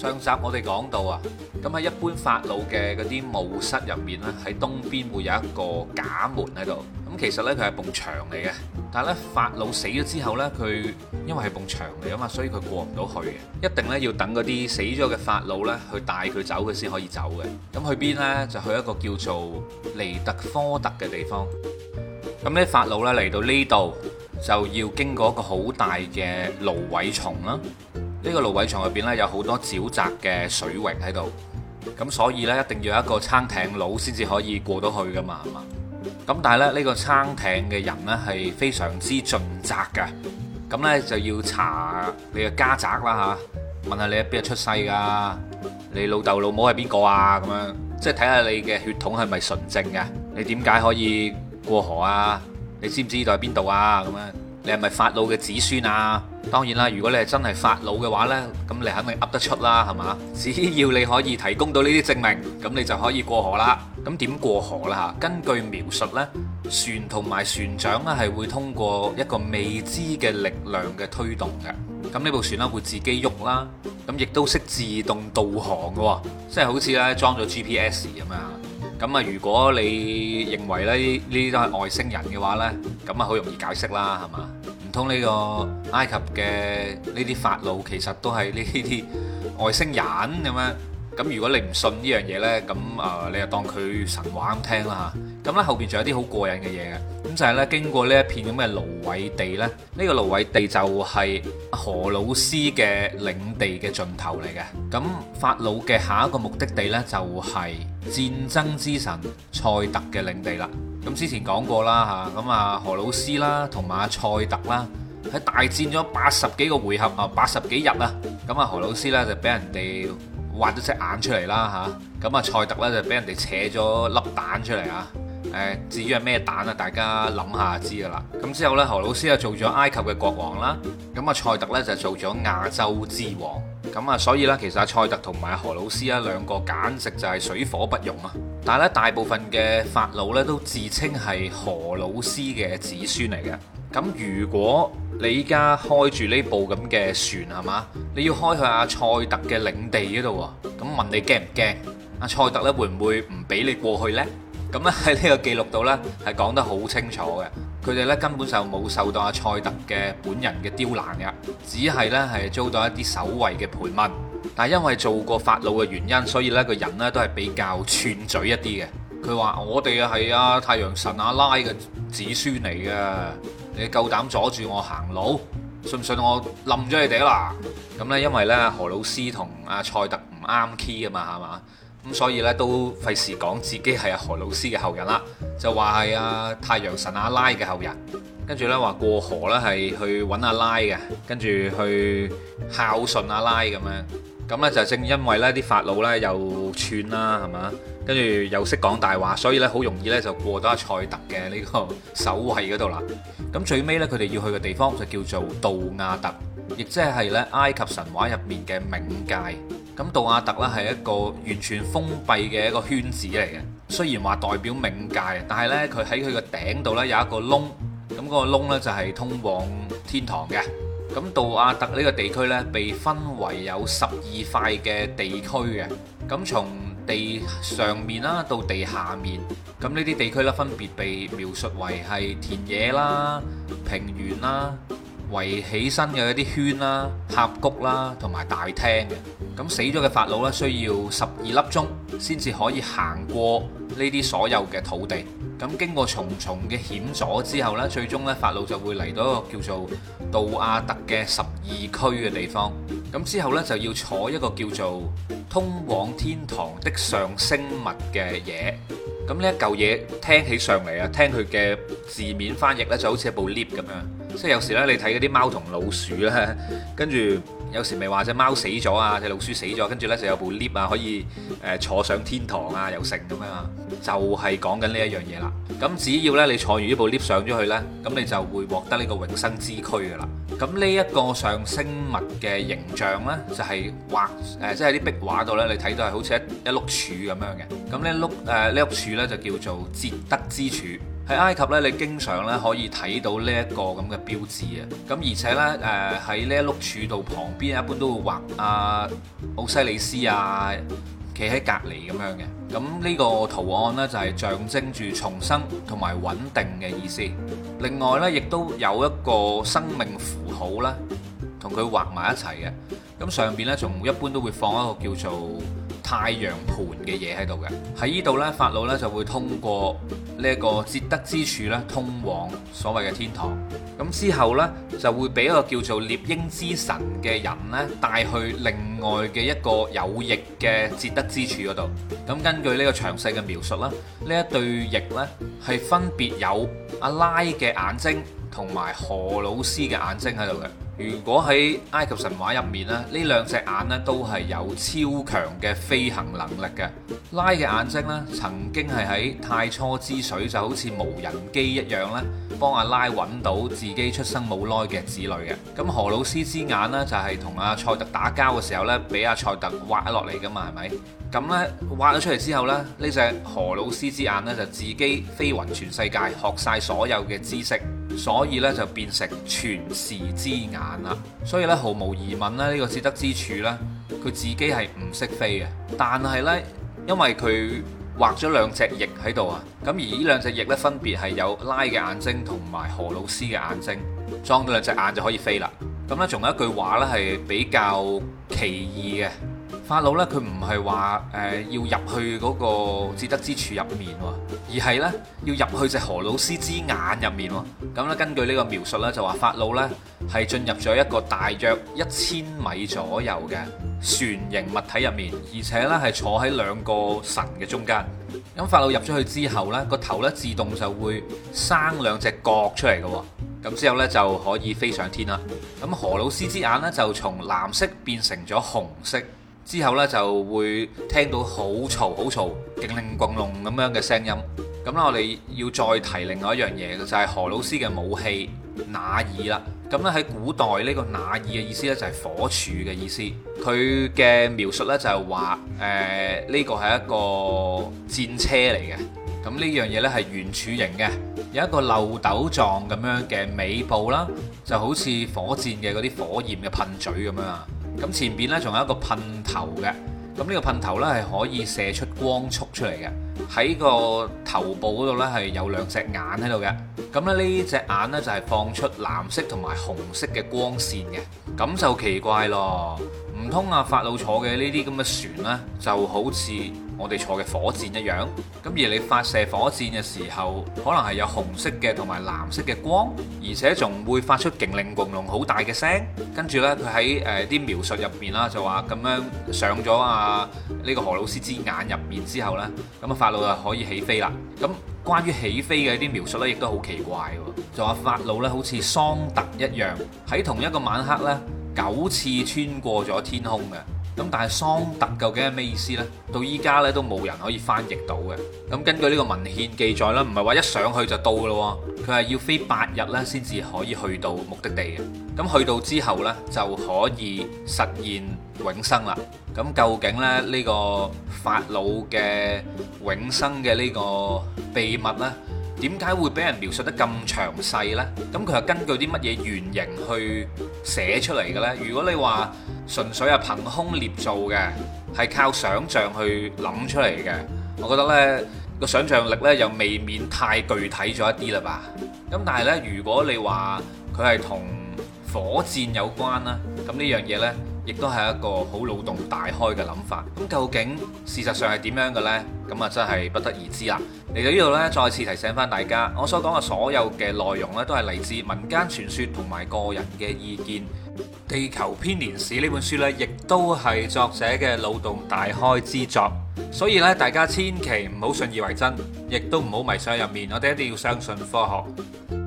上集我哋講到啊，咁喺一般法老嘅嗰啲墓室入面咧，喺東邊會有一個假門喺度。咁其實咧佢係埲牆嚟嘅，但係咧法老死咗之後咧，佢因為係埲牆嚟啊嘛，所以佢過唔到去嘅。一定咧要等嗰啲死咗嘅法老咧去帶佢走，佢先可以走嘅。咁去邊咧？就去一個叫做尼特科特嘅地方。咁呢啲法老咧嚟到呢度就要經過一個好大嘅蘆葦叢啦。呢個蘆葦場入邊呢，有好多沼澤嘅水域喺度，咁所以呢，一定要有一個撐艇佬先至可以過到去噶嘛，係嘛？咁但係咧呢個撐艇嘅人呢，係非常之盡責嘅，咁呢，就要查你嘅家宅啦嚇，問下你喺邊度出世㗎，你老豆老母係邊個啊？咁樣即係睇下你嘅血統係咪純正嘅？你點解可以過河啊？你知唔知呢度係邊度啊？咁樣你係咪法老嘅子孫啊？當然啦，如果你係真係法老嘅話咧，咁你肯定噏得出啦，係嘛？只要你可以提供到呢啲證明，咁你就可以過河啦。咁點過河啦？嚇，根據描述咧，船同埋船長啊係會通過一個未知嘅力量嘅推動嘅。咁呢部船咧會自己喐啦，咁亦都識自動導航嘅喎，即係好似咧裝咗 GPS 咁樣。咁啊，如果你認為咧呢啲都係外星人嘅話咧，咁啊好容易解釋啦，係嘛？唔通呢個埃及嘅呢啲法老其實都係呢啲外星人咁樣，咁如果你唔信呢、呃、樣嘢呢，咁啊你又當佢神話咁聽啦嚇。咁咧後邊仲有啲好過癮嘅嘢嘅，咁就係呢經過呢一片咁嘅蘆葦地呢，呢、這個蘆葦地就係荷魯斯嘅領地嘅盡頭嚟嘅。咁法老嘅下一個目的地呢，就係、是、戰爭之神塞特嘅領地啦。咁之前講過啦嚇，咁啊荷魯斯啦，同埋阿塞特啦，喺大戰咗八十幾個回合啊，八十幾日啊，咁啊荷魯斯咧就俾人哋挖咗隻眼出嚟啦嚇，咁啊塞特咧就俾人哋扯咗粒蛋出嚟啊，誒至於係咩蛋啊，大家諗下就知㗎啦。咁之後咧，荷魯斯啊做咗埃及嘅國王啦，咁啊塞特咧就做咗亞洲之王。咁啊，所以咧，其實阿塞特同埋何老師呢兩個簡直就係水火不容啊。但係咧，大部分嘅法老呢都自稱係何老師嘅子孫嚟嘅。咁如果你依家開住呢部咁嘅船係嘛，你要開去阿塞特嘅領地嗰度，咁問你驚唔驚？阿塞特呢會唔會唔俾你過去呢？咁咧喺呢個記錄度呢，係講得好清楚嘅。佢哋咧根本就冇受到阿塞特嘅本人嘅刁難嘅，只係咧係遭到一啲守衛嘅盤問。但係因為做過法老嘅原因，所以咧個人咧都係比較串嘴一啲嘅。佢話：我哋啊係阿太陽神阿拉嘅子孫嚟嘅，你夠膽阻住我行路？信唔信我冧咗你哋啦？咁咧因為咧何老師同阿塞特唔啱 key 啊嘛，係嘛？咁所以咧都費事講自己係阿荷魯斯嘅後人啦，就話係阿太陽神阿拉嘅後人，跟住咧話過河咧係去揾阿拉嘅，跟住去孝順阿拉咁樣。咁咧就正因為咧啲法老咧又串啦，係嘛，跟住又識講大話，所以咧好容易咧就過到阿塞特嘅呢個守衞嗰度啦。咁最尾咧佢哋要去嘅地方就叫做杜亞特，亦即係咧埃及神話入面嘅冥界。咁杜阿特呢係一個完全封閉嘅一個圈子嚟嘅，雖然話代表冥界，但係呢，佢喺佢嘅頂度呢有一個窿，咁嗰個窿呢就係通往天堂嘅。咁杜阿特呢個地區呢，被分為有十二塊嘅地區嘅，咁從地上面啦到地下面，咁呢啲地區呢，分別被描述為係田野啦、平原啦。圍起身嘅一啲圈啦、峽谷啦，同埋大廳嘅。咁死咗嘅法老呢，需要十二粒鐘先至可以行過呢啲所有嘅土地。咁經過重重嘅險阻之後呢，最終呢，法老就會嚟到一個叫做杜阿特嘅十二區嘅地方。咁之後呢，就要坐一個叫做通往天堂的上升物嘅嘢。咁呢一嚿嘢聽起上嚟啊，聽佢嘅字面翻譯呢，就好似一部 lift 咁樣。即係有時咧，你睇嗰啲貓同老鼠咧，跟住有時咪話隻貓死咗啊，隻老鼠死咗，跟住咧就有部 lift 啊，可以誒坐上天堂啊，又成咁樣啊，就係講緊呢一樣嘢啦。咁只要咧你坐完呢部 lift 上咗去咧，咁你就會獲得呢個永生之軀噶啦。咁呢一個上升物嘅形象咧，就係畫誒，即係啲壁畫度咧，你睇到係好似一一碌柱咁樣嘅。咁呢碌誒呢碌柱咧就叫做捷德之柱。喺埃及咧，你經常咧可以睇到呢一個咁嘅標誌啊！咁而且咧，誒喺呢一碌柱度旁邊，一般都會畫阿奧西里斯啊，企喺隔離咁樣嘅。咁、這、呢個圖案咧就係象徵住重生同埋穩定嘅意思。另外咧，亦都有一個生命符號啦，同佢畫埋一齊嘅。咁上邊咧，仲一般都會放一個叫做。太陽盤嘅嘢喺度嘅，喺呢度咧，法老咧就會通過呢一個捷德之處咧，通往所謂嘅天堂。咁之後咧，就會俾一個叫做獵鷹之神嘅人咧，帶去另外嘅一個有翼嘅捷德之處嗰度。咁根據呢個詳細嘅描述啦，呢一對翼咧係分別有阿拉嘅眼睛同埋荷魯斯嘅眼睛喺度嘅。如果喺埃及神話入面咧，呢兩隻眼咧都係有超強嘅飛行能力嘅。拉嘅眼睛咧，曾經係喺太初之水就好似無人機一樣咧，幫阿拉揾到自己出生冇耐嘅子女嘅。咁荷魯斯之眼呢，就係同阿塞特打交嘅時候呢，俾阿塞特挖落嚟噶嘛，係咪？咁呢，挖咗出嚟之後咧，呢隻荷魯斯之眼呢，就自己飛勻全世界，學晒所有嘅知識。所以咧就變成全視之眼啦，所以咧毫無疑問咧呢、這個只得之處呢，佢自己係唔識飛嘅，但係呢，因為佢畫咗兩隻翼喺度啊，咁而呢兩隻翼呢，分別係有拉嘅眼睛同埋何老師嘅眼睛，裝到兩隻眼就可以飛啦。咁咧，仲有一句話咧，係比較奇異嘅。法老咧，佢唔係話誒要入去嗰個至德之柱入面喎，而係咧要入去隻荷魯斯之眼入面。咁咧，根據呢個描述咧，就話法老咧係進入咗一個大約一千米左右嘅船形物體入面，而且咧係坐喺兩個神嘅中間。咁法老入咗去之後咧，個頭咧自動就會生兩隻角出嚟嘅喎。咁之後呢，就可以飛上天啦。咁何老師隻眼呢，就從藍色變成咗紅色，之後呢，就會聽到好嘈好嘈、勁令轟隆咁樣嘅聲音。咁、嗯、啦，我哋要再提另外一樣嘢，就係、是、何老師嘅武器——那耳啦。咁咧喺古代呢、這個那耳嘅意思呢，就係火柱嘅意思。佢嘅描述呢，就係話，誒、這、呢個係一個戰車嚟嘅。咁呢樣嘢呢係圓柱形嘅，有一個漏斗狀咁樣嘅尾部啦，就好似火箭嘅嗰啲火焰嘅噴嘴咁樣啊。咁前邊呢仲有一個噴頭嘅，咁、這、呢個噴頭呢係可以射出光束出嚟嘅。喺個頭部嗰度呢係有兩隻眼喺度嘅，咁咧呢隻眼呢就係放出藍色同埋紅色嘅光線嘅，咁就奇怪咯。唔通啊，法老坐嘅呢啲咁嘅船呢就好似～我哋坐嘅火箭一樣，咁而你發射火箭嘅時候，可能係有紅色嘅同埋藍色嘅光，而且仲會發出勁令轟隆好大嘅聲。跟住咧，佢喺誒啲描述入邊啦，就話咁樣上咗啊呢個荷魯斯之眼入面之後咧，咁啊法老就可以起飛啦。咁關於起飛嘅一啲描述咧，亦都好奇怪，就話法老咧好似桑特一樣，喺同一個晚黑咧九次穿過咗天空嘅。咁但係桑特究竟係咩意思呢？到依家呢都冇人可以翻譯到嘅。咁根據呢個文獻記載啦，唔係話一上去就到噶咯，佢係要飛八日咧先至可以去到目的地。咁去到之後呢就可以實現永生啦。咁究竟呢呢個法老嘅永生嘅呢個秘密呢？點解會俾人描述得咁詳細呢？咁佢係根據啲乜嘢原型去寫出嚟嘅咧？如果你話，純粹係憑空捏造嘅，係靠想像去諗出嚟嘅。我覺得呢個想像力呢，又未免太具體咗一啲啦吧。咁但係呢，如果你話佢係同火箭有關啦，咁呢樣嘢呢。亦都係一個好腦洞大開嘅諗法，咁究竟事實上係點樣嘅呢？咁啊真係不得而知啦。嚟到呢度呢，再次提醒翻大家，我所講嘅所有嘅內容呢，都係嚟自民間傳說同埋個人嘅意見。《地球編年史》呢本書呢，亦都係作者嘅腦洞大開之作，所以呢，大家千祈唔好信以為真，亦都唔好迷上入面。我哋一定要相信科學。